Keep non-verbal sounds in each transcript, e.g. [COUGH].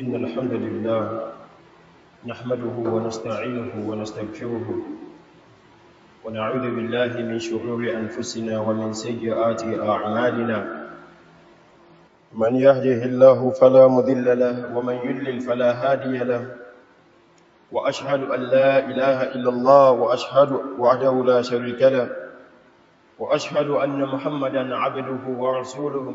إن الحمد لله نحمده ونستعينه ونستغفره ونعوذ بالله من شرور أنفسنا ومن سيئات أعمالنا من يهده الله فلا مذل له ومن يلل فلا هادي له وأشهد أن لا إله إلا الله وأشهد وعده لا شريك له وأشهد أن محمدا عبده ورسوله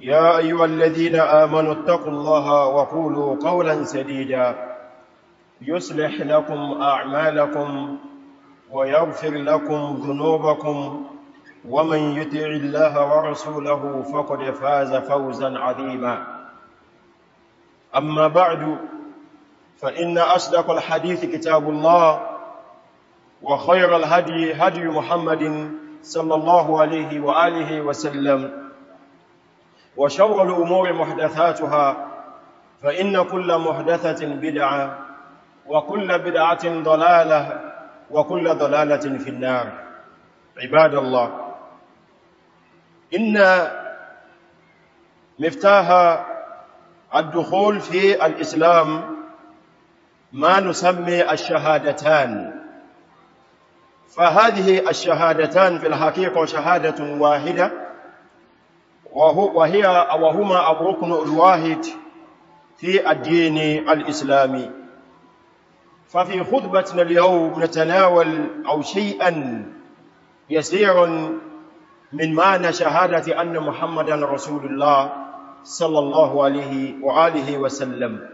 يا أيها الذين آمنوا اتقوا الله وقولوا قولا سديدا يصلح لكم أعمالكم ويغفر لكم ذنوبكم ومن يطع الله ورسوله فقد فاز فوزا عظيما أما بعد فإن أصدق الحديث كتاب الله وخير الهدي هدي محمد صلى الله عليه وآله وسلم وشر الأمور محدثاتها فإن كل محدثة بدعة وكل بدعة ضلالة وكل ضلالة في النار عباد الله إن مفتاح الدخول في الإسلام ما نسمي الشهادتان فهذه الشهادتان في الحقيقة شهادة واحدة وهي وهما الركن الواحد في الدين الإسلامي ففي خطبتنا اليوم نتناول أو شيئا يسير من معنى شهادة أن محمدا رسول الله صلى الله عليه وآله وسلم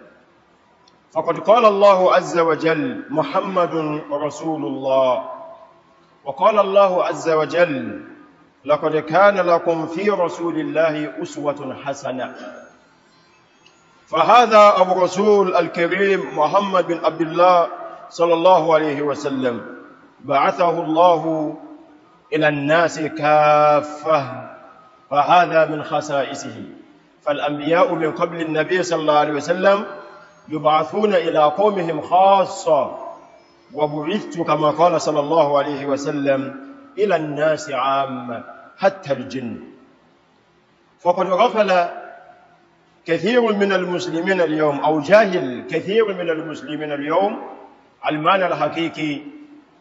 فقد قال الله عز وجل محمد رسول الله وقال الله عز وجل لقد كان لكم في رسول الله أسوة حسنة فهذا أبو رسول الكريم محمد بن عبد الله صلى الله عليه وسلم بعثه الله إلى الناس كافة فهذا من خسائسه فالأنبياء من قبل النبي صلى الله عليه وسلم يبعثون إلى قومهم خاصة وبعثت كما قال صلى الله عليه وسلم إلى الناس عامة حتى الجن فقد غفل كثير من المسلمين اليوم أو جاهل كثير من المسلمين اليوم المعنى الحقيقي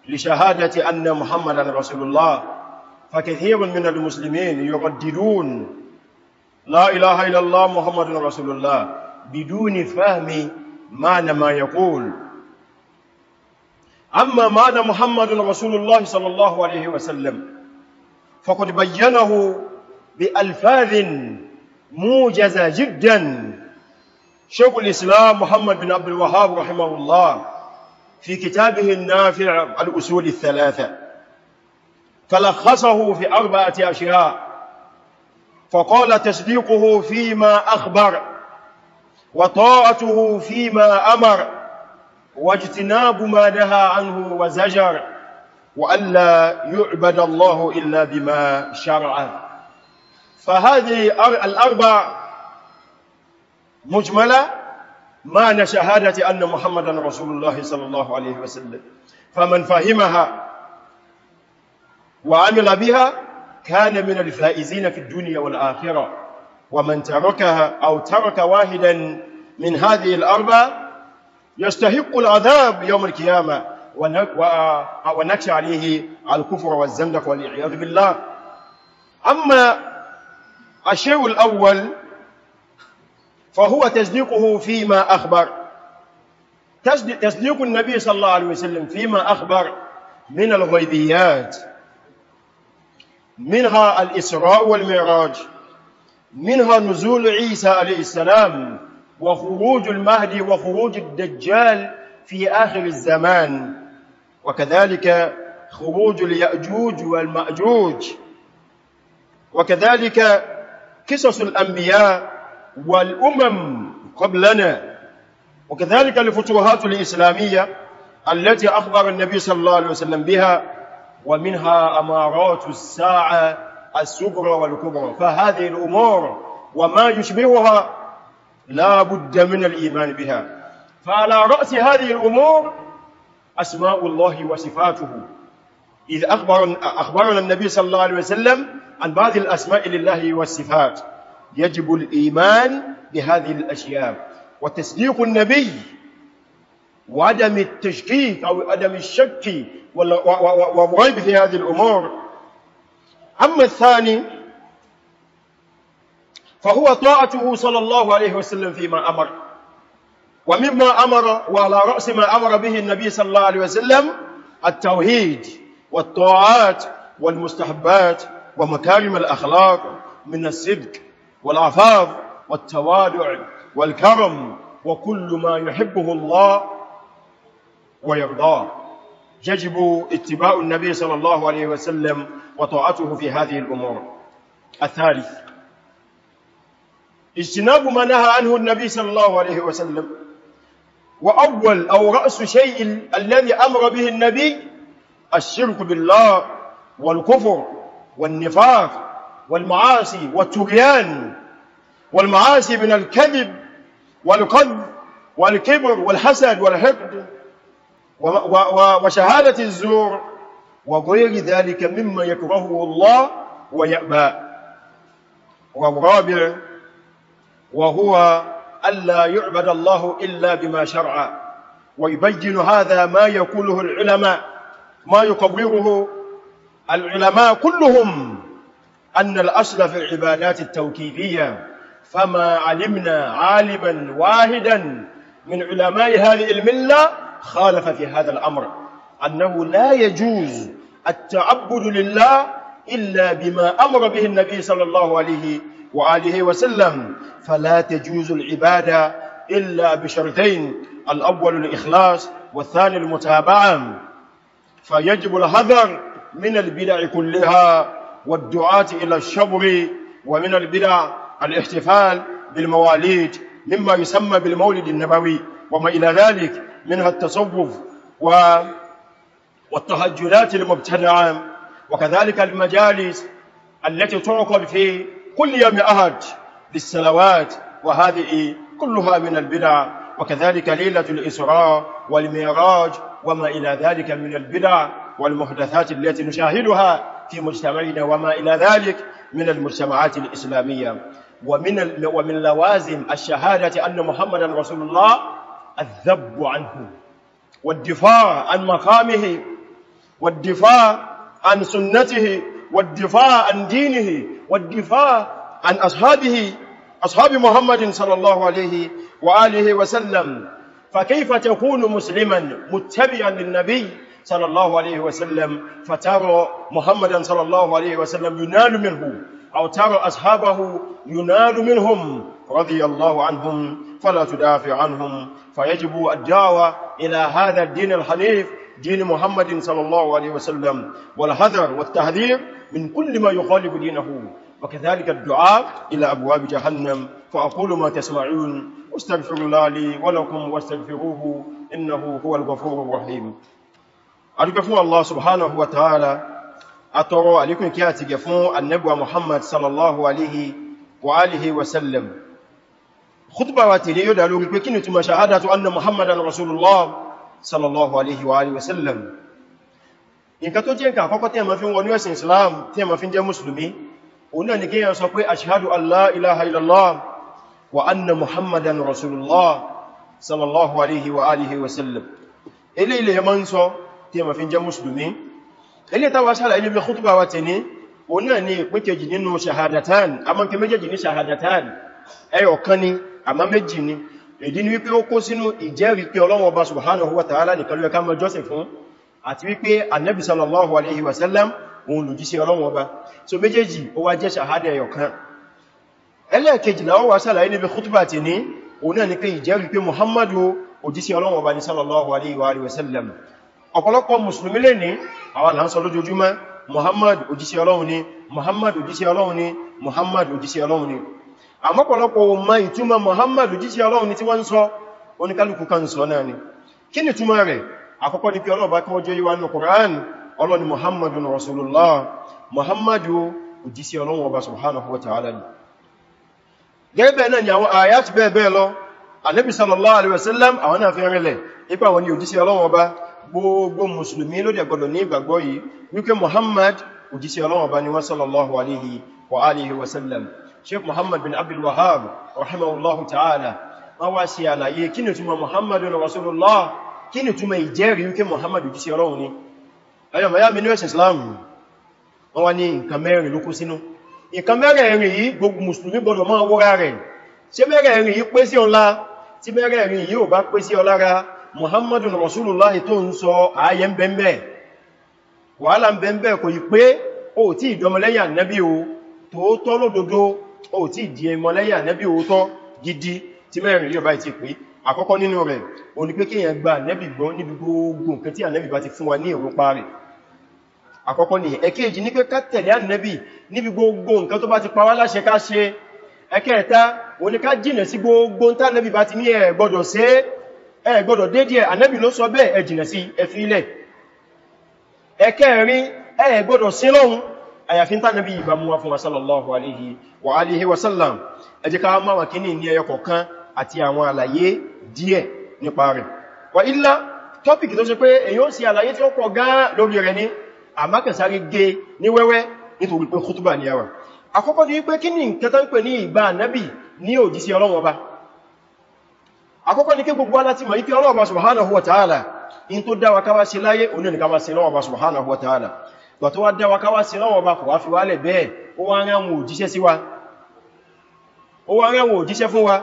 لشهادة أن محمدا رسول الله فكثير من المسلمين يرددون لا إله إلا الله محمد رسول الله بدون فهم معنى ما يقول أما معنى محمد رسول الله صلى الله عليه وسلم فقد بينه بألفاظ موجزة جدا شيخ الإسلام محمد بن عبد الوهاب رحمه الله في كتابه النافع الأصول الثلاثة فلخصه في أربعة أشياء فقال تصديقه فيما أخبر وطاعته فيما أمر واجتناب ما نهى عنه وزجر وألا يعبد الله إلا بما شرع فهذه الأربع مجملة معنى شهادة أن محمدا رسول الله صلى الله عليه وسلم فمن فهمها وعمل بها كان من الفائزين في الدنيا والآخرة ومن تركها أو ترك واحدا من هذه الأربع يستحق العذاب يوم القيامة آه، ونكشى عليه الكفر والزندق والعياذ بالله أما الشيء الأول فهو تصديقه فيما أخبر تصديق النبي صلى الله عليه وسلم فيما أخبر من الغيبيات منها الإسراء والمعراج منها نزول عيسى عليه السلام وخروج المهدي وخروج الدجال في آخر الزمان وكذلك خروج اليأجوج والمأجوج وكذلك قصص الأنبياء والأمم قبلنا وكذلك الفتوحات الإسلامية التي أخبر النبي صلى الله عليه وسلم بها ومنها أمارات الساعة الصغرى والكبرى فهذه الأمور وما يشبهها لا بد من الإيمان بها فعلى رأس هذه الأمور أسماء الله وصفاته إذ أخبرنا, أخبرنا النبي صلى الله عليه وسلم عن بعض الأسماء لله والصفات يجب الإيمان بهذه الأشياء وتصديق النبي وعدم التشكيك أو عدم الشك والريب في هذه الأمور أما الثاني فهو طاعته صلى الله عليه وسلم فيما أمر ومما أمر وعلى رأس ما أمر به النبي صلى الله عليه وسلم التوحيد والطاعات والمستحبات ومكارم الأخلاق من الصدق والعفاف والتوادع والكرم وكل ما يحبه الله ويرضاه يجب اتباع النبي صلى الله عليه وسلم وطاعته في هذه الأمور الثالث اجتناب ما نهى عنه النبي صلى الله عليه وسلم وأول أو رأس شيء الذي أمر به النبي الشرك بالله والكفر والنفاق والمعاصي والتغيان والمعاصي من الكذب والقذف والكبر والحسد والحقد وشهادة الزور وغير ذلك مما يكرهه الله ويأبى والرابع وهو ألا يعبد الله إلا بما شرع ويبين هذا ما يقوله العلماء ما يقرره العلماء كلهم أن الأصل في العبادات التوكيدية فما علمنا عالما واحدا من علماء هذه الملة خالف في هذا الأمر أنه لا يجوز التعبد لله إلا بما أمر به النبي صلى الله عليه وسلم وآله وسلم فلا تجوز العبادة إلا بشرطين الأول الإخلاص والثاني المتابعة فيجب الحذر من البدع كلها والدعاة إلى الشبر ومن البدع الاحتفال بالمواليد مما يسمى بالمولد النبوي وما إلى ذلك منها التصوف و والتهجلات المبتدعة وكذلك المجالس التي تعقد في قل يا أهد بالصلوات وهذه كلها من البدع وكذلك ليلة الإسراء والميراج وما إلى ذلك من البدع والمحدثات التي نشاهدها في مجتمعنا وما إلى ذلك من المجتمعات الإسلامية ومن ومن لوازم الشهادة أن محمدا رسول الله الذب عنه والدفاع عن مقامه والدفاع عن سنته والدفاع عن دينه والدفاع عن أصحابه أصحاب محمد صلى الله عليه وآله وسلم فكيف تكون مسلما متبعا للنبي صلى الله عليه وسلم فترى محمدا صلى الله عليه وسلم ينال منه أو ترى أصحابه ينال منهم رضي الله عنهم فلا تدافع عنهم فيجب الدعوة إلى هذا الدين الحنيف دين محمد صلى الله عليه وسلم والحذر والتهذير من كل ما يخالف دينه وكذلك الدعاء إلى أبواب جهنم فأقول ما تسمعون واستغفر لي ولكم واستغفروه إنه هو الغفور الرحيم أرجو الله سبحانه وتعالى أترى عليكم كياتي جفون النبوة محمد صلى الله عليه وآله وسلم خطبة واتي ليودة لوري بكينة ما شهادة أن محمد رسول الله sallallahu alaihi wa alihi wasallam nǹkan tó jẹ́ nǹkan àkọ́kọ́ tí a ma fi wọnú ẹ̀sìn islam tí a ma fi jẹ́ musulmi òun náà ni kí yẹn sọ pé ashhadu an la ilaha illallah wa anna muhammadan rasulullah sallallahu alaihi wa alihi wasallam ilé ilé ya ma ń sọ tí a ma fi jẹ́ musulmi ilé ta wá sára ilé khutba wa tẹni òun náà ni ìpín kejì nínú shahadatan a ma ń kẹ méjèèjì ní shahadatan kan ni a ma ni ìdí ni wípé ó kó sínú ìjẹ́rìí pé Ọlọ́run Ọba subhanahu wa ta'ala nìkan ló yẹ ká máa jọ́sìn fún àti wípé annabi sallallahu alaihi wasallam òun lòjíṣẹ́ Ọlọ́run Ọba so méjèèjì ó wá jẹ́ ṣàhádà ẹyọ kan ẹlẹ́ẹ̀kejì láwọ́ wá sàlàyé níbi khutbah ti ní òun náà ni pé ìjẹ́rìí pé muhammadu òjíṣẹ́ Ọlọ́run Ọba ni sallallahu alaihi wasallam ọ̀pọ̀lọpọ̀ mùsùlùmí lè ní àwọn là ń sọ muhammad òjíṣẹ́ Ọlọ́run ni muhammad òjíṣẹ́ Ọlọ́run ni muhammad òjíṣẹ́ Ọlọ́run ni àmọ́pọ̀lọpọ̀ ma ìtumọ̀ Muhammadu jíṣẹ́ Ọlọ́run ni tí wọ́n ń sọ oníkálùkù kan sọ náà ni kí ni túmọ̀ rẹ̀ àkọ́kọ́ ni pé Ọlọ́run bá kí wọ́n jẹ́ yíwa ní Kùránì Ọlọ́run Muhammadu Rasulullah Muhammadu jíṣẹ́ Ọlọ́run ọba subhanahu wa ayat bẹ́ẹ̀ bẹ́ẹ̀ lọ Ànábì sallallahu alaihi wasallam àwọn náà fi rinlẹ̀ ipa wọn ni òjíṣẹ́ Ọlọ́run ọba gbogbo mùsùlùmí ló dẹ̀ gbọdọ̀ ní ìgbàgbọ́ yìí wípé Muhammad òjíṣẹ́ Ọlọ́run ọba ni wọ́n sallallahu alaihi wa alihi wasallam sheikh muhammad bin abdul wahhab rahimahullahu ta'ala wọ́n wá sí àlàyé kí ni túnmọ̀ muhammadu rasulullah kí ni túnmọ̀ ìjẹ́rìí wípé muhammadu kìí sí ni ayọ̀mọ̀ yá mi ní islam wọ́n wá ní nǹkan mẹ́rin ló kó sínú nǹkan mẹ́rin yìí gbogbo mùsùlùmí gbọdọ̀ máa wọ́ra rẹ̀ ṣe mẹ́rin yìí pé sí ọlá tí mẹ́rin yìí ò bá pé sí ọlára muhammadu rasulullah tó ń sọ ààyẹ ń wàhálà ń bẹ́m̀bẹ̀ kò yí pé ó tí ìdọmọlẹ́yìn ànábì o tòótọ́ lódodo ó ti di ẹmọlẹ́yà nẹ́bí òótọ́ gidi tí mẹ́rin yóò bá ti pé àkọ́kọ́ nínú rẹ̀ ó ní pé kéèyàn gba nẹ́bí gbọ́ níbi gbogbo nǹkan tí ànẹ́bí bá ti fún wa ní ìrúpa rẹ̀ àkọ́kọ́ ni ẹ̀kejì ní pé ká tẹ̀lé ànẹ́bí níbi gbogbo nǹkan tó bá ti pa wá láṣẹ ká ṣe ẹ̀kẹta ó ní ká jìnà sí gbogbo ń tánẹ́bí bá ti ní ẹ gbọ́dọ̀ ṣe ẹ gbọ́dọ̀ dédé ànẹ́bí ló sọ bẹ́ẹ̀ ẹ jìnà sí ẹ fi ilẹ̀ sí lọ́hun àyàfin tánàbí ìbámúwá fún wa sallallahu alaihi wa alihi wasallam ẹ jẹ́ ká máa wà kíní ní ẹyọ kọ̀ọ̀kan àti àwọn àlàyé díẹ̀ nípa rẹ̀ wà ilá tọ́pìkì tó ṣe pé èyàn sí àlàyé tí ó pọ̀ gán lórí rẹ̀ ní àmákẹsáré gé ní wẹ́wẹ́ nítorí pé kútùbà ní àwà àkọ́kọ́ ni wípé kíní nǹkan tán pè ní ìgbà nábì ní òjíṣẹ́ Ọlọ́run Ọba àkọ́kọ́ ni gbà tó wá dáwà káwà sí lọ́wọ́ bá kò wá fi wálẹ̀ bẹ́ẹ̀ ó wá rán wọn òjíṣẹ́ sí wa ó wá rán wọn òjíṣẹ́ fún wa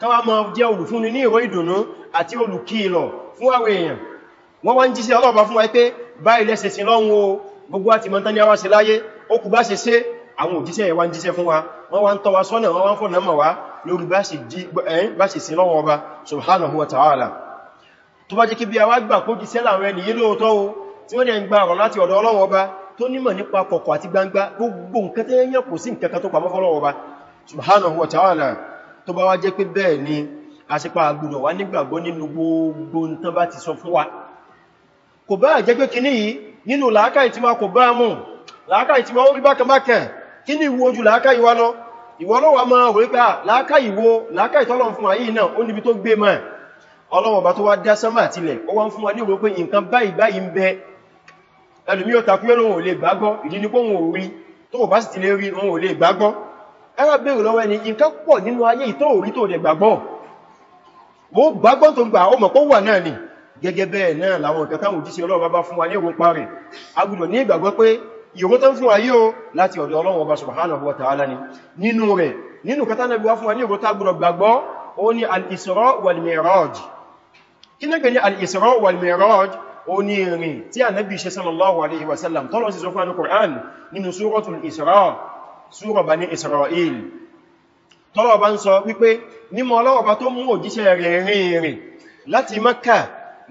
káwà máa jẹ́ olùfúnni ní ìró ìdùnnú àti olùkìlọ̀ fún fún wa pé o gbogbo àti mọ́ntánlẹ́ wá sí láyé ó kù bá ṣe ṣe wa wọ́n wá ń tọ́ wa sọ́nà wọ́n wá ń fọ́nà mọ̀ wá lórí bá ṣe sí lọ́wọ́ ọba subhanahu tó bá jẹ́ kí bí a wá gbà kó jíṣẹ́ láwọn ẹni yí lóòótọ́ o tí wọ́n dẹ̀ ń gba ọ̀rọ̀ láti ọ̀dọ̀ Ọlọ́run ọba tó nímọ̀ nípa kọ̀kọ̀ àti gbangba gbogbo nǹkan tí yẹn kò sí nǹkan tó pàmọ́ fọ́lọ́wọ́ bá subhanahu wa ta'ala tó bá wá jẹ́ pé bẹ́ẹ̀ ni àṣepá àgbùdọ̀ wá nígbàgbọ́ nínú gbogbo nǹkan bá ti sọ fún wa kò bá jẹ́ pé kíní yìí nínú làákàyè tí ma kò bá mú làákàyè tí ma ó rí bákan bákan kíní ìwọ ojú làákàyè wa lọ ìwọ lọ́wọ́ ẹlùmí ò takú mẹ́lò òun ò lè gbàgbọ́ ìdí ní pé òun ò rí tó bá sì ti lè rí òun ò lè gbàgbọ́ ẹwà bèèrè lọ́wọ́ ẹni nǹkan pọ̀ nínú ayé ìtò orí tó dẹ̀ gbàgbọ́ mo gbàgbọ́ tó gbà ó mọ̀ pọ́ wà náà ni gẹ́gẹ́ bẹ́ẹ̀ náà làwọn nǹkan táwọn òjíṣẹ́ Ọlọ́run bá bá fún wa ní ìwò parí ó ní ìrìn tí Ànábì ṣe sallallahu alaihi wasallam tọ́lọ̀ sí sọ fún Al-Qur'an nínú suratul Isra sura Bani Isra'il tọ́lọ̀ bá ń sọ wípé nímọ̀ ọlọ́ọ̀bá tó mú òjíṣẹ́ rẹ̀ rìn ìrìn láti Makka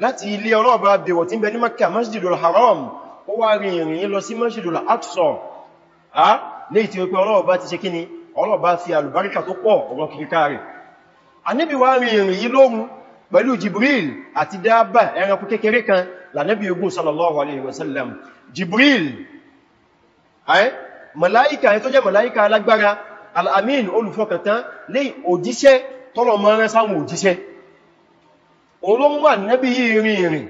láti ilé ọlọ́ọ̀bá bèwọ̀ tí ń bẹ ní Makka Masjidul Haram ó wá rìn ìrìn lọ sí Masjidul Aqsa a ní ìtí wípé ọlọ́ọ̀bá ti ṣe kíni ọlọ́ọ̀bá fi kékeré kan lànẹ́bí ogun sallallahu alaihi wasallam jibril ayé màláíkà ẹni tó jẹ́ màláíkà alágbára al'amin olùfọkàntán lè òjíṣẹ́ tọ́lọmọ́rẹ́ sáwọn òjíṣẹ́ olóńgbà nẹ́bí yìí rìn ìrìn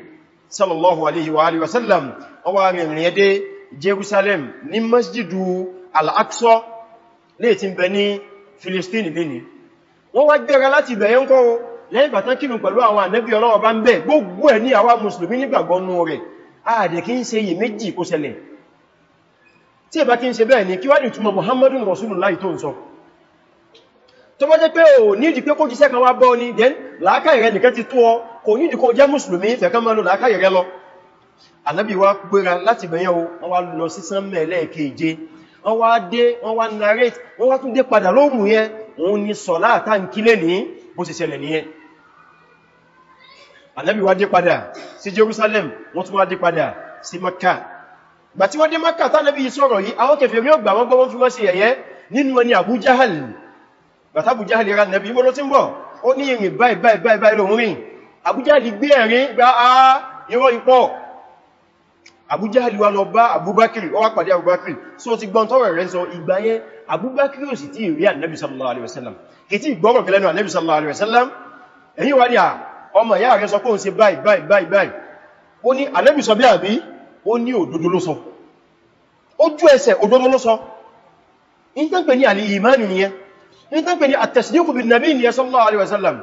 sallallahu alaihi wasallam ọwà rìn rìn ẹdẹ Jerusalem ní masjidu al-Aqsa lè ti bẹ ní Filistini lè ní wọ́n wá gbẹ́ra láti bẹ̀yẹn lẹ́yìn ìgbà tán kírun pẹ̀lú àwọn ànábì Ọlọ́run bá ń bẹ gbogbo ẹ̀ ní àwa mùsùlùmí nígbàgbọ́ nú rẹ̀ ààdẹ̀ kí ń ṣe yìí méjì kó ṣẹlẹ̀ tí ẹ̀bá kí ń ṣe bẹ́ẹ̀ ni kí wá ní ìtumọ̀ Muhammadun Rasulullahi tó ń sọ tó bá jẹ́ pé ò ní ìdí pé kó jíṣẹ́ kan wá bọ́ ni then làákàyè rẹ̀ nìkan ti tó ọ kò ní ìdí kó jẹ́ mùsùlùmí fẹ̀kan mọ́ làákàyè rẹ̀ lọ ànábì wa gbéra láti bẹ̀yẹ̀ o wọ́n wá lọ sí sánmẹ̀ lẹ́ẹ̀keje wọ́n wá dé wọ́n wá narrate wọ́n wá tún dé padà lóòmù yẹn òun ni sọ̀lá àtàǹkílẹ̀ ní bó ṣe ṣẹlẹ̀ nìyẹn ànábì wá dé padà sí Jerusalem wọ́n tún wá dé padà sí Makka gbà tí wọ́n dé Makka tánàbí sọ̀rọ̀ yìí àwọn kèfèrí ò gbà wọ́n gbọ́ wọ́n fi wọ́n sí ẹ̀yẹ nínú ẹni Abu Jahal bàtà Abu Jahal ra nẹ́bí ibo ló ti ń bọ̀ ó ní ìrìn báyìí báyìí báyìí lòun rìn Abu Jahal gbé ẹ̀rin gba a irọ́ ipọ̀ Abu Jahal wá lọ bá Abubakar ó wá pàdé Abubakar so ti gbọ́n tọ́rọ̀ rẹ̀ sọ ìgbà yẹn Abubakar ò sì ti rí ọmọ ìyá rẹ̀ sọ pé òun ṣe báyìí báyìí báyìí báyìí ó ní ànábì sọ bí àbí ó ní òdodo ló sọ ojú ẹsẹ̀ òdodo ló sọ in tán pè ní àlì ìmánu nìyẹn in tán pè ní àtẹ̀sídíkù bí nàbí nìyẹn sallallahu alaihi wasallam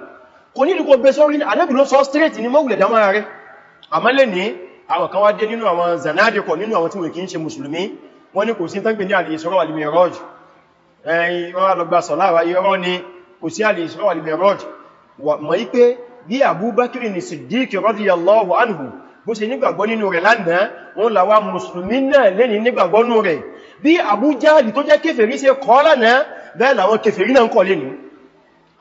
kò ní ìdíkò bẹ sọ́rí ní ànábì ló sọ straight ní mọ́wùlẹ̀ dámà rẹ̀ àmọ́ lè ní àwọn kan wá dé nínú àwọn zanadikọ̀ nínú àwọn tí wọ́n kì í ṣe mùsùlùmí wọ́n ní kò sí tán pè ní àlì ìṣọ́rọ̀ àlì mẹ́rọ́jì ẹ̀yìn ìrọ́ àlọ́gbà sọ̀láwà ìrọ́ ni kò sí àlì ìṣọ́rọ̀ àlì mẹ́rọ́jì wà mọ̀ yí pé bí abubakir ni siddiq radiyallahu anhu bó ṣe nígbàgbọ́ nínú rẹ̀ lánàá wọn làwà mùsùlùmí náà lẹ́ni nígbàgbọ́ nínú rẹ̀ bí àbújáàdì tó jẹ́ kèfèrí ṣe kọ́ lánàá bẹ́ẹ̀ làwọn kèfèrí náà ń kọ́ lẹ́ni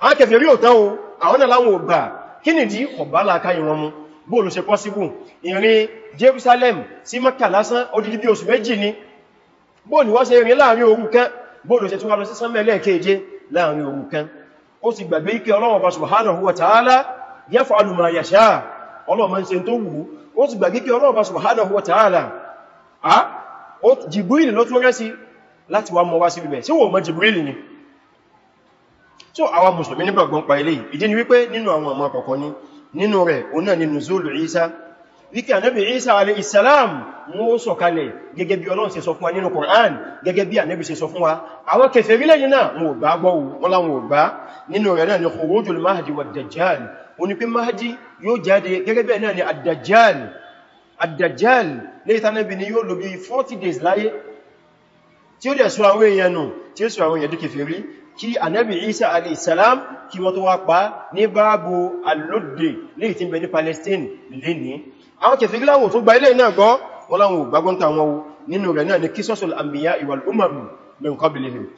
àwọn kèfèrí ò tán o àwọn náà láwọn ò gbà kí nìdí ọ̀bá làkáyìn wọn mú bóòlù ṣe pọ́síbù ìrìn Jerusalem sí Mẹ́kà lásán odidi bí oṣù méjì ni bóòlù wọ́n ṣe rìn láàrin yaf'alu ma yasha ọlọ́ọ̀mọ́ ń ṣe tó wù ó ti gbàgbé kí ọlọ́ọ̀bá subhanahu wa ta'ala a ó Jibril ló tún rẹ́ sí láti wá mọ́ wá sí ibẹ̀ sí wọ́n mọ́ Jibril ni so àwa mùsùlùmí ní gbàgbọ́n pa ilé ìdí ni wípé nínú àwọn ọmọ kọ̀kọ́ ní nínú rẹ̀ òun náà ni nùzúlù Isa wíkẹ́ ànábì Isa alayhi salam mú ó sọ̀kalẹ̀ gẹ́gẹ́ bí Ọlọ́run ṣe sọ fún wa nínú Qur'an gẹ́gẹ́ bí ànábì ṣe sọ fún wa àwọn kèfèrí lẹ́yìn náà wọn ò gbọ́ oní pé Mahdi yóò jáde gẹ́gẹ́ bẹ́ẹ̀ náà ni Ad-Dajjal Ad-Dajjal ni yóò lò 40 days láyé tí ó dẹ̀ sọ àwọn èèyàn nù tí ó sọ àwọn èèyàn dúkì fèrí kí Ànábì Isa alaihissalam kí wọ́n tó wá pa ní báàbò alóde lẹ́yìn tí ń bẹ ní Palestine lè ní àwọn kèfèrí láwọn tó gba ilé náà gbọ́ wọ́n láwọn ò gbàgbọ́n tàwọn nínú rẹ̀ náà ni qisasul anbiya wal umam min qablihim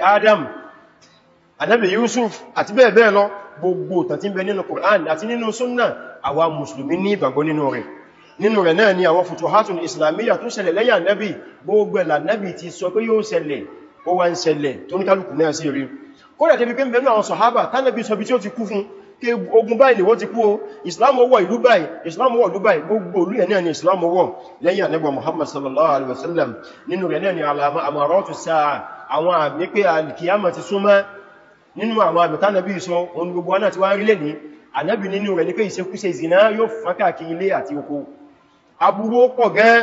Adam Ànábì Yusuf àti bẹ́ẹ̀ bẹ́ẹ̀ lọ gbogbo ìtàn tí ń bẹ nínú Qur'an àti nínú súnnà àwa Mùsùlùmí ní ìgbàgbọ́ nínú rẹ̀ nínú rẹ̀ náà ni àwọn futuhatun islamiyya tó ṣẹlẹ̀ lẹ́yìn Ànábì gbogbo ẹ̀lá Ànábì ti sọ pé yóò ṣẹlẹ̀ ó wá ń ṣẹlẹ̀ tó ní kálùkù náà sí rí kódà tẹ́bí pé ń bẹ̀rún àwọn sọ̀hábà tánàbí sọ bí tí ó ti kú fún kí ogun báyìí ni wọ́n ti kú o Islam ọwọ́ ìlú báyìí Islam ọwọ́ ìlú báyìí gbogbo olú ẹ̀ náà ni Islam ọwọ́ lẹ́yìn Ànábì Muhammad àmì pé alkiyama ti súnmọ́ nínú àwọn àgbẹ̀ta nàbí sọ ohun gbogbo náà ti wá rí lè ní ànábì nínú rẹ̀ ní pé ìṣekúṣe ìzìnà yóò fákàkì ilé àti oko aburú pọ̀ gẹ́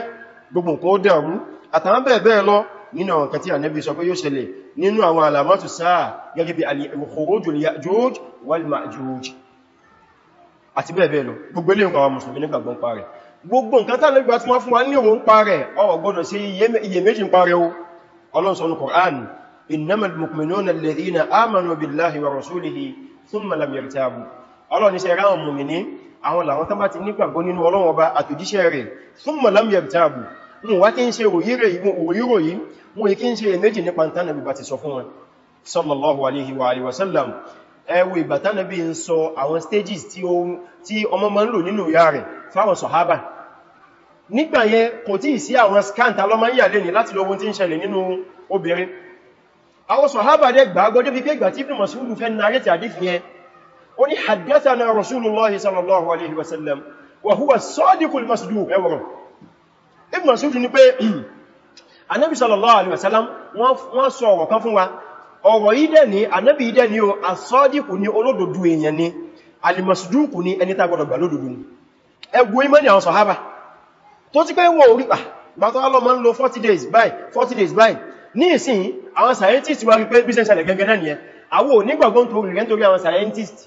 gbogbo nǹkan ó dẹ̀rú àtàwọn bẹ́ẹ̀ bẹ́ẹ̀ lọ nínú àwọn kan tí ànábì sọ pé yóò ṣẹlẹ̀ nínú àwọn alamatu sáà gẹ́gẹ́ bí al-khuruju al-ya'juj wal-ma'juj àti bẹ́ẹ̀ bẹ́ẹ̀ lọ gbogbo إنما المؤمنون الذين آمنوا بالله ورسوله ثم لم يرتابوا الله ní ṣẹ́ra àwọn mùmìní àwọn làwọn tán bá ti nígbàgbọ́ nínú Ọlọ́run Ọba àtòjíṣẹ́ rẹ̀ thumma lam yartabu wọn wá kí ń ṣe òyíròyí wọn kí ń ṣe méjì nípa tánàbí bá ti sọ fún wọn sallallahu alaihi wa alihi wasallam ẹwù ìgbàtánàbí ń sọ àwọn stages tí ọmọ ma ń lò nínú ìyá rẹ̀ fáwọn sọ̀hábà nígbà yẹn àwọn sọ̀hábà dẹ̀ gbàgbọ́ débi pé ìgbà tí Ibn Mas'ud fẹ́ narẹ́tì àdífì yẹn ó ní haddathana Rasulullahi sallallahu alaihi wasallam wa huwa as-sadiqul masduq ẹwọ̀rọ̀ Ibn Mas'ud ní pé anábi [CLEARS THROAT] sallallahu alaihi wasallam wọ́n sọ ọ̀rọ̀ kan fún wa ọ̀rọ̀ yìí dẹ̀ ni anábi yìí dẹ̀ ni o as-sadiqu ni olódodo èèyàn ni al 40 ah, days by 40 days by ní ìsìn àwọn scientist wá wípé bí sẹ́sẹ̀lẹ̀ gẹ́gẹ́ náà nìyẹn àwọ onígbàgbọ́ tó rí rẹ́ntorí àwọn scientist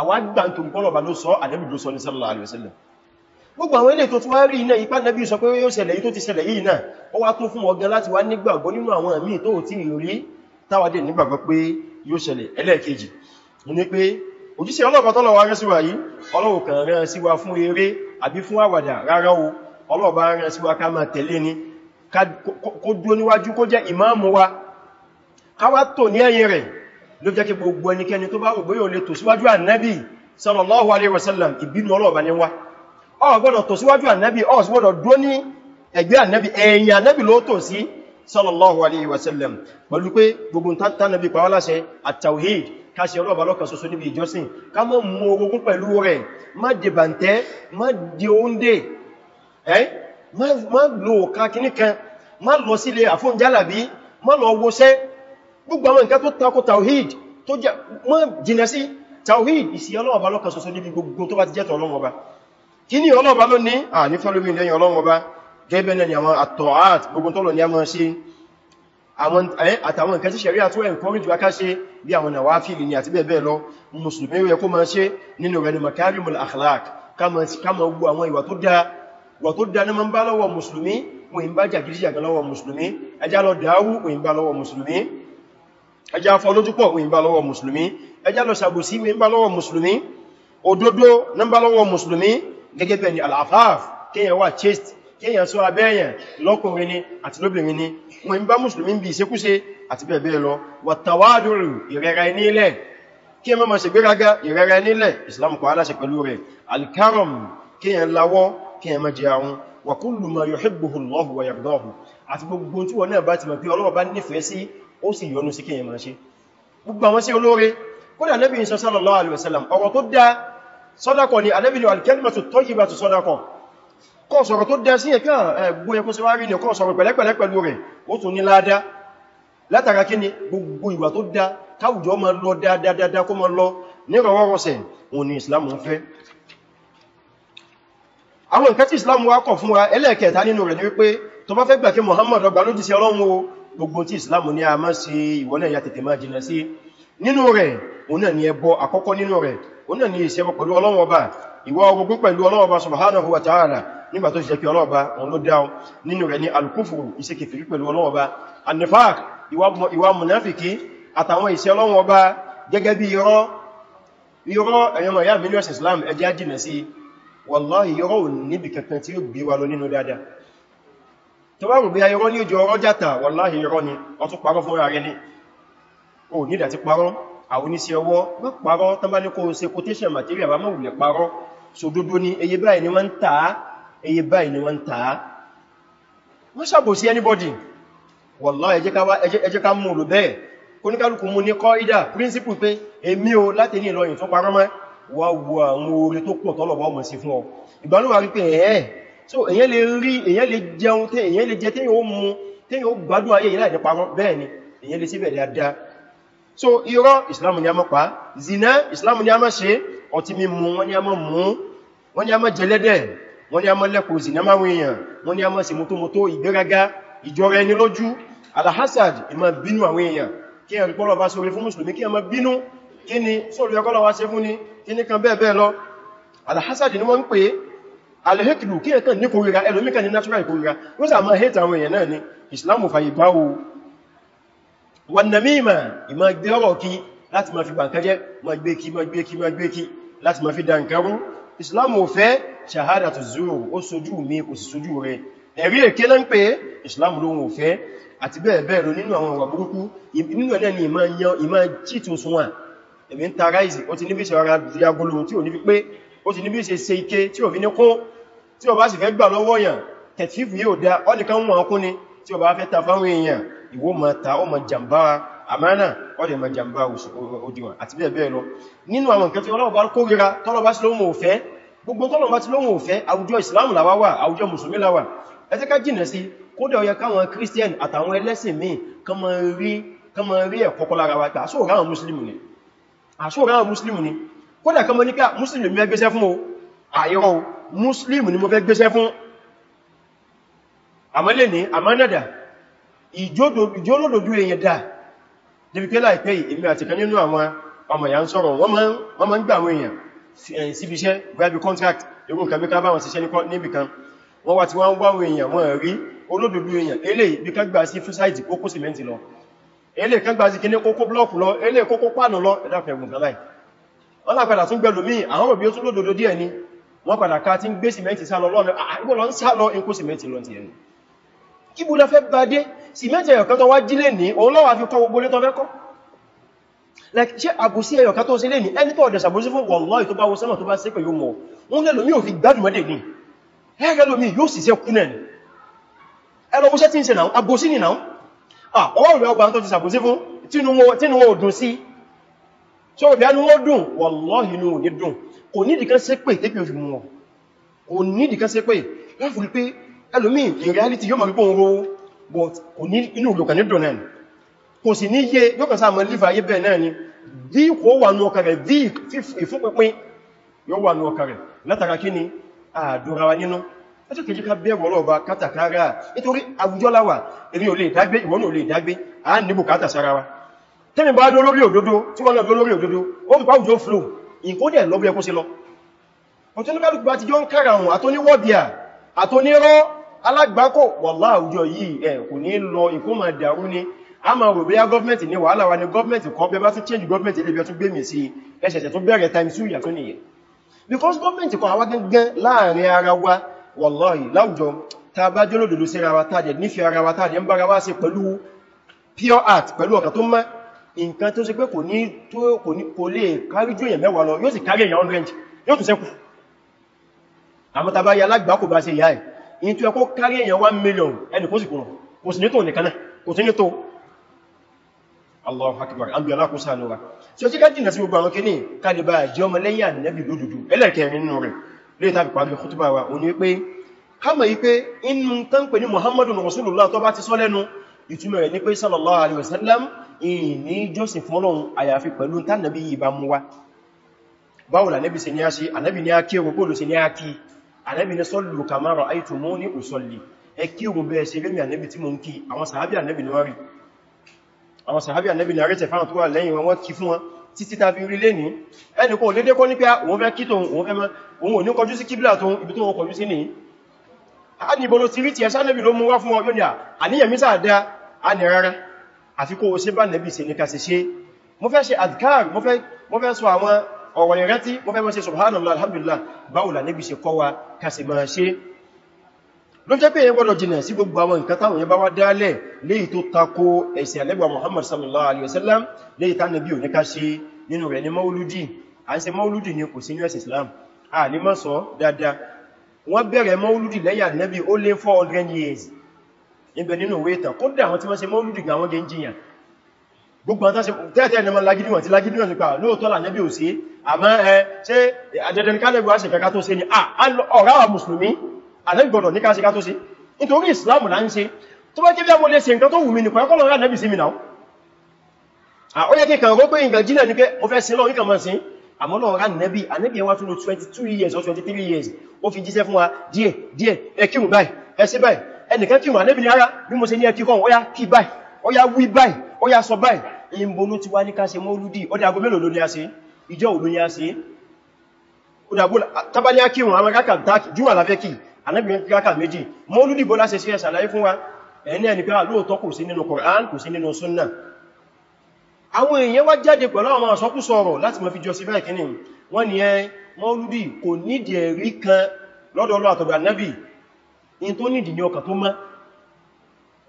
àwá gbà tó ń kọ́lọ̀ bá ló sọ ànábì ló sọ ní sallallahu alaihi wasallam gbogbo àwọn ilé tó tún wá rí iná ipá nábì sọ pé yóò ṣẹlẹ̀ yìí tó ti ṣẹlẹ̀ yìí náà ó wá tún fún wọn gan láti wá nígbàgbọ́ nínú àwọn míì tó ti rí táwádé nígbàgbọ́ pé yóò ṣẹlẹ̀ ẹlẹ́ẹ̀kejì ni pé òjíṣẹ́ ọlọ́pàá tọ́lọ̀ wá rán síwá yìí ọlọ́wọ̀ kan rán síwá fún eré àbí fún àwàdà rárá o ọlọ́pàá rán síwá ká máa tẹ̀lé ni kó dúó níwájú kó jẹ́ ìmáàmù wa káwà tò ní ẹ̀yìn rẹ̀ ló jẹ́ kí gbogbo ẹnikẹni tó bá rò bóyá olè tò síwájú ànábì sallallahu alaihi wasallam ìbínú ọlọ́ọ̀bá ní wá o gbọ́dọ̀ tò síwájú ànábì o sì gbọ́dọ̀ dúó ní ẹgbẹ́ ànábì ẹ̀yìn ànábì ló tò sí sallallahu alaihi wasallam pẹ̀lú pé gbogbo tánàbí pàwọ́láṣẹ at-tawhid káṣẹ ọlọ́ọ̀bá lọ́kan ṣoṣo níbi ìjọsìn ká mọ́ mú orogún pẹ̀lú rẹ̀ má dìbàntẹ́ má di oúnjẹ má lò kan kìíní kan má lọ sílé àfóúnjálàbí má lọ wọṣẹ́ gbogbo àwọn nǹkan tó takò tawhid tó jẹ́ má jìnà sí tawhid ìsì Ọlọ́run Ọba lọ́kan ṣoṣo níbi gbogbo tó bá ti jẹ́ t'Ọlọ́run Ọba kíní Ọlọ́run Ọba ló ní à ní fẹ́lómi lẹ́yìn Ọlọ́run Ọba gẹ́gẹ́ náà ni àwọn àtọ̀át gbogbo tọ́lọ ni a máa ṣe àtàwọn nǹkan tí ṣẹ̀rí àtúwẹ̀ encourage wáká ṣe bí àwọn nàwáfíìlì ni àti bẹ́ẹ̀ bẹ́ẹ̀ lọ mùsùlùmí yẹ kó máa ṣe nínú rẹ̀ ni makarimul akhlaq ká máa wú àwọn ìwà tó dáa wà tó dá ní ma ń bá lọ́wọ́ mùsùlùmí wọ́n bá jà kìrìsì àgbà lọ́wọ́ mùsùlùmí ẹjá lọ dáwú wọ́n bá lọ́wọ́ mùsùlùmí ẹjá fọlójúpọ̀ wọ́n bá lọ́wọ́ mùsùlùmí ẹjá lọ sàbòsí wọ́n bá lọ́wọ́ mùsùlùmí òdodo ní bá lọ́wọ́ mùsùlùmí gẹ́gẹ́ bẹ̀ ni al-afaf kéèyàn wà chaste kéèyàn sọ abẹ́yàn lọ́kùnrin ni àti lóbìnrin ni wọ́n bá mùsùlùmí bí ìṣekúṣe àti bẹ́ẹ̀ bẹ́ẹ̀ lọ wà tàwádùrù ìrẹ́ra nílẹ̀ kí ẹ mọ́ mọ́ ṣe gbéraga ìrẹ́ra nílẹ̀ Islam kò aláṣẹ pẹ̀lú rẹ̀ alkarom kéèyàn lawọ́ kí ẹ má jẹ àwọn wa kullu ma yuhibbuhu Allahu wa yardahu àti gbogbo tí wọ́n náà bá ti mọ̀ pé Ọlọ́run bá nífẹ̀ẹ́ sí ó sì yọ́nú sí kí ẹ má ṣe gbogbo àwọn sí olóore kódà Nabi sallallahu alaihi wasallam ọ̀rọ̀ tó dá sọ́dọ̀kọ̀ ni Ànábì ní al-kalimatu tayyibatu sọ́dọ̀kọ̀ kọ́ sọ̀rọ̀ tó dá sí ẹ̀kọ́ ẹgbùn ẹkùn síwárí ní kọ́ sọ̀rọ̀ pẹ̀lẹ́pẹ̀lẹ́ kí ni gbogbo ìwà tó dá káwùjọ ma lọ dáadáa kó ma lọ ní rọwọ́rọ̀sẹ̀ òun ni Islam ń fẹ́ àwọn nǹkan tí islam wá kọ̀ fún wa ẹlẹ́ẹ̀kẹta nínú rẹ̀ ni wípé tó bá fẹ́ gbà kí muhammad ọgbà ló jíṣẹ́ ọlọ́run o gbogbo tí islam ní a máa ṣe ìwọ náà tètè máa jìnà sí nínú rẹ̀ òun ni ẹbọ àkọ́kọ́ nínú rẹ̀ òun ni ìṣẹ́bọ pẹ̀lú ọlọ́run ọba ìwà ogun pẹ̀lú ọlọ́run ọba subhanahu wa ta'ala nígbà tó ṣe ni alkufuru iṣẹ́ kèfèrí pẹ̀lú ọlọ́run ọba anifak ìwà munafiki àtàwọn iṣẹ́ ọlọ́run ọba gẹ́gẹ́ bí irọ́ ẹ̀yọ́mọ̀ islam ẹjẹ́ jìnà wallahi yọ́rọ̀ ò níbi kankan tí ó gbé wa lọ nínú dáadáa tó bá rùn bí ayọ́rọ́ ní ojú ọrọ́ jàtà wallahi yọ́rọ́ ni ọ tún parọ́ fúnra rẹ ní o nídà ti parọ́ àwọn oníṣẹ́ ọwọ́ má parọ́ tán bá ní kó quotation material bá mọ̀wùlẹ̀ parọ́ so dúdú ni eye báyìí ni wọ́n ń ta eye báyìí ni wọ́n ń ta wá wo àwọn oore tó pọ̀ tọ́lọ̀wọ́ mọ̀ sí fún ọ ìgbàlúwà wípé ẹ̀ẹ́ so èyàn lè rí èyàn lè jẹun èyàn lè jẹ téyàn ó mu téyàn ó gbádùn ayé yìí láì nípa wọn bẹ́ẹ̀ ni èyàn lè síbẹ̀ dáadáa so irọ́ islam ni a máa pa zina islam ni a máa ṣe ọtí mímu wọ́n ni a máa mú wọ́n ni a máa jẹlẹ́dẹ̀ wọ́n ni a máa lẹ́kọ̀ọ́ zina máwọn èèyàn wọ́n ni a máa ṣe mọ́tòmọ́tò ìgbéraga ìjọra ẹni lójú alhassad ìmọ̀ bínú àwọn èèyàn kí ẹ̀rí pọ́lọ̀ kíní kan bẹ́ẹ̀ bẹ́ẹ̀ lọ alhassadi ni wọ́n ń pè é alheklu kí ẹ̀kan ní kòrira ẹlòmíkan ní natural ìkòrira wọ́n sà máa hate àwọn èèyàn náà ni islamu fàyè bá o wọn na mímọ̀ ìmọ̀ gbé ọ̀rọ̀ kí láti ma fi bàǹkẹ́jẹ́ ma gbé kí ma gbé kí ma gbé kí láti ma fi dànkarú èmi ń ta ráìsì ó ti níbi ṣe ara diagolo tí ò ní fi pé ó ti níbi ṣe ṣe ike tí ò fi ní kó tí o bá sì fẹ́ gbà lọ́wọ́ èèyàn tẹ̀tífù yóò dá ọ́nìkan wọn kún ni tí o bá fẹ́ ta fáwọn èèyàn ìwọ ma ta ó ma jàmbára àmánà ọdẹ ma jàmbára òdíwọ̀n àti bẹ́ẹ̀ bẹ́ẹ̀ lọ nínú àwọn nǹkan tí ọlọ́wọ́ bá kórira tọ́lọ́bá sí lóhun òfẹ́ gbogbo tọ́lọ́bá sí lóhun òfẹ́ àwùjọ ìsìláàmù làwáwà àwùjọ mùsùlùmí làwà ẹ jẹ́ ká jìnà sí kódà ó yẹ káwọn christian àtàwọn ẹlẹ́sìn míì kan máa rí ẹ̀kọ́kọ́ lára wa tàà sóòrá àwọn mùsùlùmí ni àṣòrán muslim ni kódà kan mọ́ ní pé ah, muslim ni mo fẹ́ gbéṣẹ́ fún o àyọ́ ah, muslim ni mo fẹ́ gbéṣẹ́ fún àmọ́lẹ̀ ní àmánàdà ìjólódòdó èèyàn dáa débi pé láìpẹ́ ìmẹ́ àti kan nínú àwọn ọmọ ìyà ń sọ̀rọ̀ wọ́n ma ń gbà àwọn èèyàn síbi iṣẹ́ gbábi contract irun kàbí ká bá wọn síṣẹ́ níbi kan wọ́n wá ti wọ́n wá àwọn èèyàn wọ́n rí olódòdó èèyàn eléyìí bí ká gbà sí fúsáìtì kókó sìmẹ́ntì lọ ele kan gba zikini kókó blọ́ọ̀kù lọ ele kókó pàánù lọ ẹ̀dàfẹ̀gùn kan láì wọ́n lápadà tún gbẹ̀lú míì àwọn òbí ó tún lòdòdó díẹ̀ ni wọ́n padà ká tí ń gbé sìmẹ́ntì sálọ lọ́nà àgbọ́n ah, lọ ń sálọ ikú sìmẹ́ntì lọ ti ẹni kíbù lọ fẹ́ bá dé sìmẹ́ntì ẹ̀yọ̀kan tó wá jílé ní òun lọ́wà fi kọ́ gbogbo létọ́ fẹ́kọ́ ṣe àbùsí ẹ̀yọ̀kan tó ni. lé ní ẹni tó ọ̀dẹ̀ sàbòsí fún wọ̀lọ́ tó bá wo sẹ́mọ̀ tó bá sépè yóò mọ̀ wọ́n lẹ́lò mí ò fi gbádùn mọ́dé gùn ẹ̀rẹ́lò mí yóò sì sẹ́kún ẹ̀ ẹlọ́gbọ́sẹ́ tí ń ṣe náà àbòsí ni náà Ah, ọwọ́ ìlú ọgbà tó ti sàkósí fún tínú wọn ò dùn sí so ìbí anú wọn dùn wallahi inú òní dùn kò nídìí kan ṣépè tẹ́bí òfin mú wọn kò nídìí kan ṣépè láàfù rí pé ẹlòmíì in reality yóò mọ̀ wípé òun rówó but kò ní inú òlò kan ní dùn náà kò sì ní yé yóò kàn sáà mọ̀ lífà ayé bẹ́ẹ̀ náà ni bí kò wà nú ọkà rẹ̀ bí ìfúnpinpin yóò wà nú ọkà rẹ̀ látara kí ni àdúrawa nínú ẹjọ́ kejì ká bẹ̀rù ọlọ́ọ̀bá kátàkárà nítorí àwùjọ láwà èmi ò lè dágbé ìwọ náà ò lè dágbé a ń níbù kátà sára wa tẹ́mi bá dó lórí òdodo tí wọ́n lọ́dọ́ lórí òdodo ó rí pàwùjọ flow ìkódẹ̀ lọ́bí ẹkú sí lọ ọ̀tọ́lúkálùkù bá ti jọ ń kára hùn àtóníwọ́dìà àtónírọ́ alágbákò wọ̀lá àwùjọ yìí ẹ̀ kò ní lọ ìkó máa dàrú ni a máa rò bí i gọ́ọ̀mẹ́ntì ní wàhálà wa ni gọ́ọ̀mẹ́ntì kan bẹ bá tún change gọ́ọ̀mẹ́ntì ilé bí ọtún gbé mi sí ẹsẹ̀sẹ̀ tó bẹ̀rẹ̀ time 2 yàtọ̀ nìyẹn because gọ́ọ̀mẹ́ntì kan àwa gangan láàrin ara wa wallahi láwùjọ ta bá jọ́lò dòdó sí rawa tàdé nífẹ́ ara wa tàdé ń bára wá sí pẹ̀lú pure art pẹ̀lú ọ̀kà tó mọ́ nǹkan tó ṣe pé kò ní tó kò lè kárí jù èèyàn mẹ́wàá lọ yóò sì kárí èèyàn 100 yóò tún ṣẹ́kù àmọ́ ta bá yà lágbà kò bá ṣe ìyá ẹ̀ in tó ẹkọ́ kárí èèyàn 1 million ẹni kó sì kùnà kò sì ní tó nìkan náà kò sì ní tó Allahu akbar an biya lakusa nura so ti ka jina si gbogbo àwọn kini ka jẹ ọmọ lẹ́yìn annabi lódodo ẹlẹ́kẹrin nínú rẹ̀ lè tàbí pàdé kútùbà wa o ní pé hàmà yí pé inú tán pè ní muhammadun rasulullah tó bá ti sọ lẹ́nu ìtumọ̀ rẹ̀ ní pé sallallahu alaihi wasallam ìní jọ́sìn fún Ọlọ́run àyàfi pẹ̀lú tánàbí yìí bá mú wá báwo lànẹ́bì sí ní a ṣe ànẹ́bì ní a kí ogun bóòlù sí ní a kí ànẹ́bì ní sallu kama ra'aytumuni usalli ẹ kí ogun bẹ́ẹ̀ ṣe rẹ́mì ànẹ́bì tí mo ń kí àwọn sàhábì ànẹ́bì ní wọ́n rí àwọn sàhábì ànẹ́bì ní arẹ́tẹ̀ fáwọn tó wà lẹ́yìn wọn kí fún wọn títí tàbí orí lé ní ẹni kò dédé kọ́ ní pé òun fẹ́ kí tóun òun fẹ́ mọ́ òun ò ní kọjú sí kíbílà tóun ibi tóun kọjú sí ní àdìbòlò ti rí ti ẹ̀ṣá nẹ́bì ló mú wá fún ọmọ yóò àníyàn mísà dá a alhamdulillah báwo la nẹ́bì ṣe kọ́ ló jẹ́ pé èyàn gbọ́dọ̀ jìnà sí gbogbo àwọn nǹkan táwọn yẹn bá wá dálẹ̀ léyìí tó tako ẹ̀sìn àlẹ́gbà Muhammad sallallahu Alayhi wasallam léyìí tá nàbí òníká ṣe nínú rẹ̀ ní mauludi a ń ṣe mauludi ní kò sí ní ẹ̀sìn Islam a ní mọ́ sọ dáadáa wọ́n bẹ̀rẹ̀ mauludi lẹ́yà nàbí ó lé 400 years ibẹ̀ nínú ìwé ìtàn kódà àwọn tí wọ́n ṣe mauludi gan wọ́n jẹ́ ń jiyàn gbogbo àtàṣe tẹ́ẹ̀tẹ́ ẹ̀nà lágídí wọn ti lágídí wọn nípa lóòtọ́ là nẹ́bí ò sí àmọ́ ẹ ṣe àjẹ́dẹ̀nkálẹ̀gbọ́ àṣẹ̀kẹ́ká tó ṣe ni ọ̀rá wa mùsùlùmí ànábì gbọ́dọ̀ ní ká ṣe ká tó ṣe nítorí ìsìláàmù là ń ṣe tó bá kébí àmọ́ lè ṣe nǹkan tó wù mí nìkan ẹkọ́ lọ́rọ̀ ànábì sí mi náà ó yẹ kí kan rọ́ pé nǹkan jílẹ̀ ní pé ó fẹ́ sin lọ́rọ̀ kàn sí àmọ́ lọ́rọ̀ ànábì ànábì wá tún lo 22 years or 23 years ó fi jíṣẹ́ fún wa díẹ̀ díẹ̀ ẹ kírun báyìí ẹ ṣe báyìí ẹnìkan kírun ànábì ní ara bí mo ṣe ní ẹ kí kan ó yá kí báyìí ó yá wí báyìí ó yá sọ báyìí ìbonú ti wá ní ká ṣe mọ́lúdì ọdí ago mélòó ló ní a ṣe ìjọ òlú ní a ṣe ó dàbó tàbí ní a kírun àwọn akákàtàkì jùmọ̀ àlàfẹ́ kìí anábìrin kíráka méjì mọ́lúdì bọ́lá ṣe sí ẹ̀sà láyé fún wa ẹni ẹni pẹ́ra lóòtọ́ kò sí nínú Kùránì kò sí nínú súnnà àwọn èèyàn wá jáde pẹ̀lú àwọn àsọkú sọ̀rọ̀ láti mọ́ fi jọ sí báyìí kíní wọ́n ní ẹ mọ́lúdì kò nídìí ẹ̀rí kan lọ́dọ̀ Ọlọ́run àtọ̀dọ̀ Ànábì in ni ọkàn tó mọ́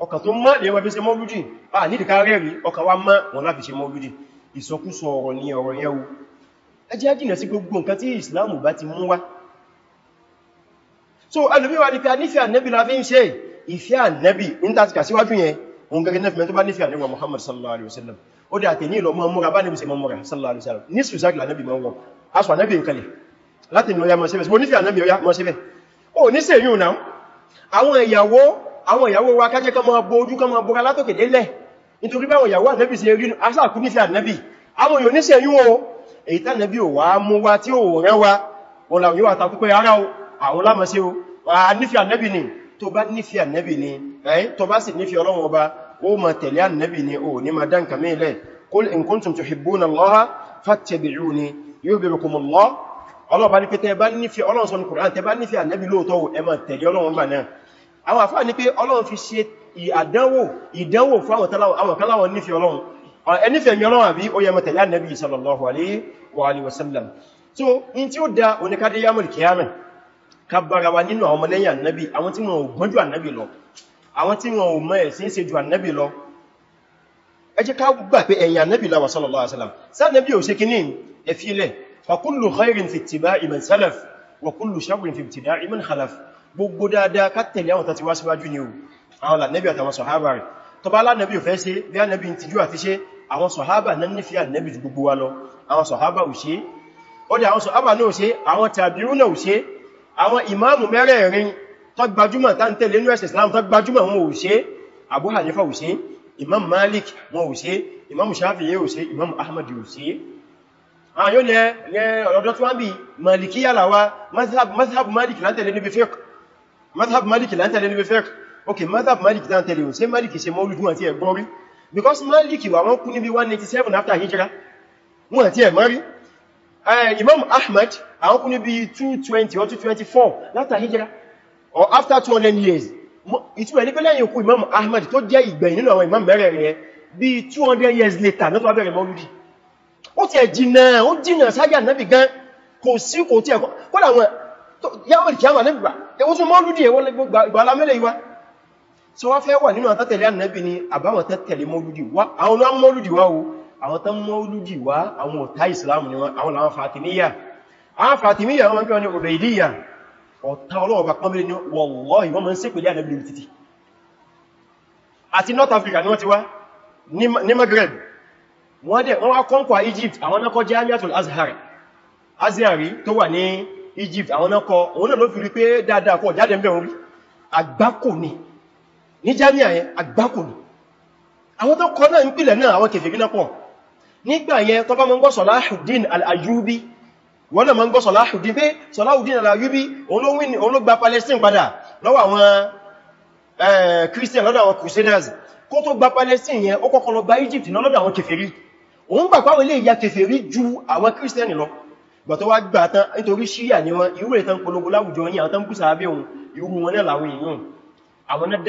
ọkàn tó mọ́ lè wọ́n fi ṣe mọ́lúdì a nídìí ká rẹ́rí ọkàn wá mọ́ wọn láfi ṣe so ẹlòmí wà ní pé anífẹ́ ànẹ́bì la fi ń ṣe ìfẹ́ ànẹ́bì ní tàtíkà síwájú yẹn òun gẹ́gẹ́ náà fi mẹ́tọ́ bá nífẹ́ ànẹ́bì Muhammad sallallahu alaihi wasallam ó dẹ̀ àtẹ̀ ní ìlọ mọ́ múra bá níbi sí mọ́ múra sallallahu alaihi wasallam ní sùsáàkì ànẹ́bì mọ́ wọn aṣọ ànẹ́bì nkalẹ̀ láti ní ọya mọ́sẹ́bẹ̀ mo nífẹ́ ànẹ́bì ọya mọ́sẹ́bẹ̀ ó ní sè yún náà àwọn ìyàwó àwọn ìyàwó wa kájẹ́ kan máa bo ojú kan máa bora látòkè délẹ̀ nítorí báwọn ìyàwó ànẹ́bì ṣe rí aṣáàkú nífẹ́ ànẹ́bì àwọn èèyàn ní sè yún o èyí tánẹ́bì ò wá mú wa tí ò rán wa wọn làwọn yóò àtàkù pé ara o àwọn lámọ́ sí o nífẹ́ ànẹ́bì ni tó bá nífẹ́ ànẹ́bì ni ẹ́yìn tó bá sì nífẹ́ ọlọ́run ọba ó ma tẹ̀lé ànẹ́bì ni o ní ma dánkà mílẹ̀ qul in kuntum tuhibbuna Allaha fattabi'uni yuhbibkumullah ọlọ́ọ̀bá ní pé tẹ́ bá nífẹ́ ọlọ́run sọ ní Kùránì tẹ́ bá nífẹ́ ànẹ́bì lóòtọ́ ẹ ma tẹ̀lé ọlọ́run ọba náà àwọn àfáà ní pé ọlọ́run fi ṣe àdánwò ìdánwò fún àbí ó yẹ ma tẹ̀lé ànẹ́bì sallallahu alaihi wa sallam so in tí ó da oníkádé yamul kiyamah ká bára wa nínú àwọn ọmọlẹ́yìn ànábì àwọn tí wọn ò gbọ́n jù ànábì lọ àwọn tí wọn ò mọ̀ ẹ̀sìn ṣe jù ànábì lọ ẹ jẹ́ ká gbà pé ẹ̀yìn ànábì la wà sallallahu alaihi wasallam sánàbí ò ṣe kí ní ẹ̀fílẹ̀ fa kullu khairin fi ittiba'i man salaf wa kullu sharrin fi ibtida'i man khalaf gbogbo dáadáa ká tẹ̀lé àwọn tàti wá síwájú ni o àwọn lànàbí àtàwọn sọ̀hábà rẹ̀ tó bá lánàbí ò fẹ́ ṣe bí ànàbí ti jú àti ṣe àwọn sọ̀hábà náà ní fi ànàbí ju gbogbo wa lọ àwọn sọ̀hábà ò ṣe ó dẹ̀ àwọn sọ̀hábà náà ò ṣe àwọn tàbírú náà ò ṣe àwọn ìmáàmù mẹ́rẹ̀ẹ̀rin tó gbajúmọ̀ tá ń tẹ̀lé ní ẹ̀sẹ̀ Islam tó gbajúmọ̀ wọn ò ṣe Abu Hanifa ò ṣe Imam Malik wọn ò ṣe Imam Shafi'i ò ṣe Imam Ahmad ò ṣe àwọn yóò ní ọ̀dọ́ tó wọ́n bí Maliki yàlàwá mazhab Malik lántẹ̀lé níbi fiqh mazhab Malik lántẹ̀lé níbi fiqh ok mazhab Malik lántẹ̀lé ò ṣe Malik ṣe mọ́lùdú àti ẹ̀gbọ́rí because Malik wà wọ́n kú níbi 197 after hijra wọ́n àti ẹ̀mọ́rí Eh, imam Ahmad àwọn kú ní bí 220 or 224 látà hijira or after 200 years ìtumọ̀ ní you lẹ́yìn ikú Imam Ahmad tó jẹ́ ìgbẹ̀yìn nínú àwọn imam mẹ́rẹ̀ be bí 200 years later Not What lọ́tọ́ abẹ́rẹ̀ mọ́lúdì ó ti ẹ̀ jìnà ó jìnà You náàbì gan kò sí kò tí ẹ̀kọ́ kó làwọn yàmàlì kìyàmà náàbì gbà ẹwọ́ tún mọ́lúdì ẹwọ́ ìgbàlámẹ́lẹ̀ ìwá tí wọ́n fẹ́ wà nínú àtàtẹ̀lẹ̀ ànábì ni àbáwọn tẹ́tẹ̀lẹ̀ mọ́lúdì wá àwọn mọ́lúdì wá o àwọn tán mọ́lúdì wá àwọn ọ̀tá ìsìlámù ni wọ́n àwọn làwọn fatimiyya àwọn fatimiyya wọ́n kí wọ́n ubaydiyya ọ̀tá ọlọ́ọ̀bá pọ́nbílé ni wallahi wọ́n mọ́ ń ṣépèlé ànábì lórí North Africa ni wọ́n ti wá ní Maghreb wọ́n dẹ̀ wọ́n wá Egypt àwọn náà kọ́ Jamiatul Azhari tó Egypt àwọn náà kọ́ òun náà ló fi rí pé dáadáa kọ́ jáde mẹ́rin rí ni Jamia yẹn àgbákò ni àwọn tó kọ́ náà ń pìlẹ̀ náà àwọn kèfèrí náà pọ̀ nígbà yẹn tó bá mọ́ ń gbọ́ Salahuddin al-Ayyubi wọ́n náà mọ́ ń gbọ́ Salahuddin pé Salahuddin al-Ayyubi ológba Palestine padà lọ́wọ́ àwọn Christian lọ́dọ̀ àwọn Crusaders kó tó gba Palestine yẹn ó kọ́kọ́ lọ gba Egypt náà lọ́dọ̀ àwọn kèfèrí òun gbà pàwọn ilé ìyá kèfèrí ju àwọn Christian lọ gbà tó wá gbà tán nítorí Syria ni wọn irú ìtàn polongo láwùjọ yìí àwọn tán bú sàábẹ̀ òun irú wọn náà láwọn èèyàn àwọn náà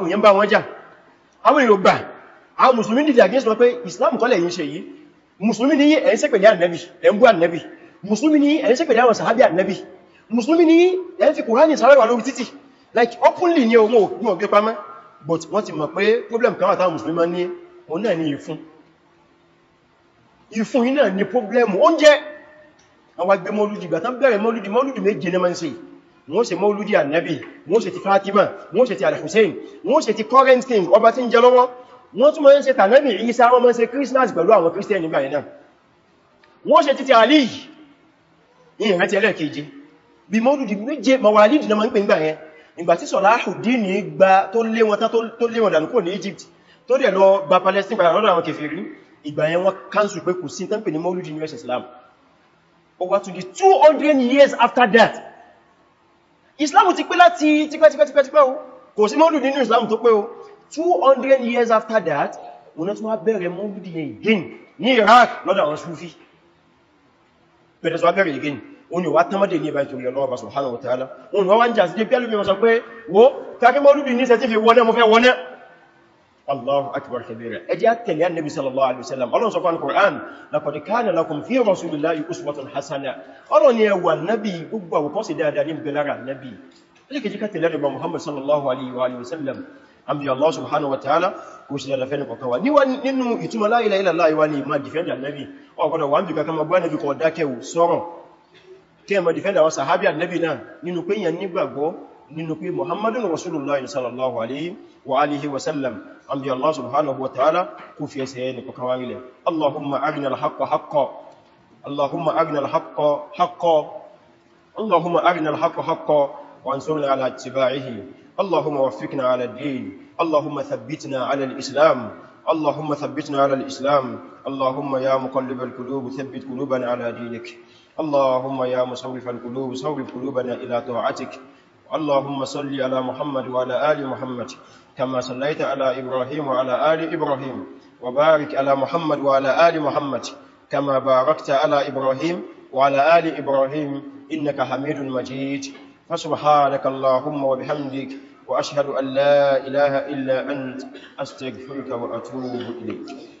dámọ́ àwọn èrò gbà àwọn mùsùlùmí dìde against wọn pé islam kọ́lẹ̀ yìí ṣe yìí mùsùlùmí ní ẹ̀ẹ́sẹ̀ pẹ̀lú ànẹ́bì ẹ̀mbú ànẹ́bì mùsùlùmí ní ẹ̀ẹ́sẹ̀ pẹ̀lú àwọn sàhábí ànẹ́bì mùsùlùmí ní ẹ̀ẹ́ fi kùránì sàrẹ́wà lórí títì like openly ní ohun ògbí ọgbẹ́ pamọ́ but wọ́n ti mọ̀ pé problem kan wà táwọn mùsùlùmí ní òun náà ní ìfún ìfún yìí náà ní problem oúnjẹ àwọn agbẹ́mọ́lùdì gbà tán bẹ̀rẹ̀ mọ́lùdì mọ́lùdì méje náà máa ń ṣe yìí wọ́n ṣe mauludi annabi wọ́n ṣe ti fatima wọ́n ṣe ti al-hussein wọ́n ṣe ti current king ọba tí ń jẹ lọ́wọ́ wọ́n tún mọ́ ṣe tànábì isa wọ́n mọ́ ṣe christmas pẹ̀lú àwọn christian nígbà yẹn náà wọ́n ṣe títí ali ìyẹn ti ẹlẹ́keje bí mauludi méje mawalid na ma ń pè nígbà yẹn ìgbà tí Salahuddin gba tó lé wọn tó lé wọn dànù kúrò ní Egypt tó dẹ̀ lọ gba Palestine padà lọ́dọ̀ àwọn kèfèrí ìgbà yẹn wọ́n kánsù pé kò sí tán pè ní mauludi ní Islam ó wá tún di 200 years after that islam ti pé láti tipẹ́tipẹ́tipẹ́ o kò sí mọ́lù nínú islam tó pé o 200 years after that wọ́n tún wá bẹ̀rẹ̀ mọ́lùdì yẹn again ní iraq lọ́dọ̀ àwọn sufi bẹ̀rẹ̀ tó wá bẹ̀rẹ̀ again wọ́n yóò wá tánmọ́dé ní ẹbá ìtòrí ọlọ́ọ̀bá subhanahu wa ta'ala wọ́n wá ń jà sí pé pẹ́lú mi wọ́n sọ pé wo kákí mọ́lùdì ní sẹ́tífì wọ́nẹ́ الله أكبر كبيرا أجأت لي النبي صلى الله عليه وسلم الله سبحانه القرآن لقد كان لكم في رسول الله أسوة حسنة الله نيوى النبي أبوى وقصد دادانين النبي لك جكت لي محمد صلى الله عليه وآله وسلم àmì Allah subhanahu wa ta'ala kò sí dára fẹ́ni kọ̀kan wa níwá nínú ìtumọ̀ la ilaha illallah ìwá ni ma dìfẹ́ndà nẹ́bí ọgbọ̀dọ̀ wà ń bí kankan magbá nẹ́bí kan dákẹ̀wò sọ́rọ̀ kí ẹ ma nínú pé muhammadun rasulullah sallallahu alaihi wa alihi wa sallam an bí allah subhanahu wa ta'ala kú fi ẹsẹ̀ ẹni kọkàn wá nílẹ̀ allahumma agina alhaqqa haqqa allahumma agina alhaqqa haqqa allahumma agina alhaqqa haqqa wa ansurna ala tiba'ihi allahumma wafikna ala din allahumma thabbitna ala islam اللهم ثبتنا على الإسلام اللهم يا مقلب القلوب ثبت قلوبنا على دينك اللهم يا مصرف القلوب صرف قلوبنا اللهم صل على محمد وعلى آل محمد كما صليت على إبراهيم وعلى آل إبراهيم وبارك على محمد وعلى آل محمد كما باركت على إبراهيم وعلى آل إبراهيم إنك حميد مجيد فسبحانك اللهم وبحمدك وأشهد أن لا إله إلا أنت أستغفرك وأتوب إليك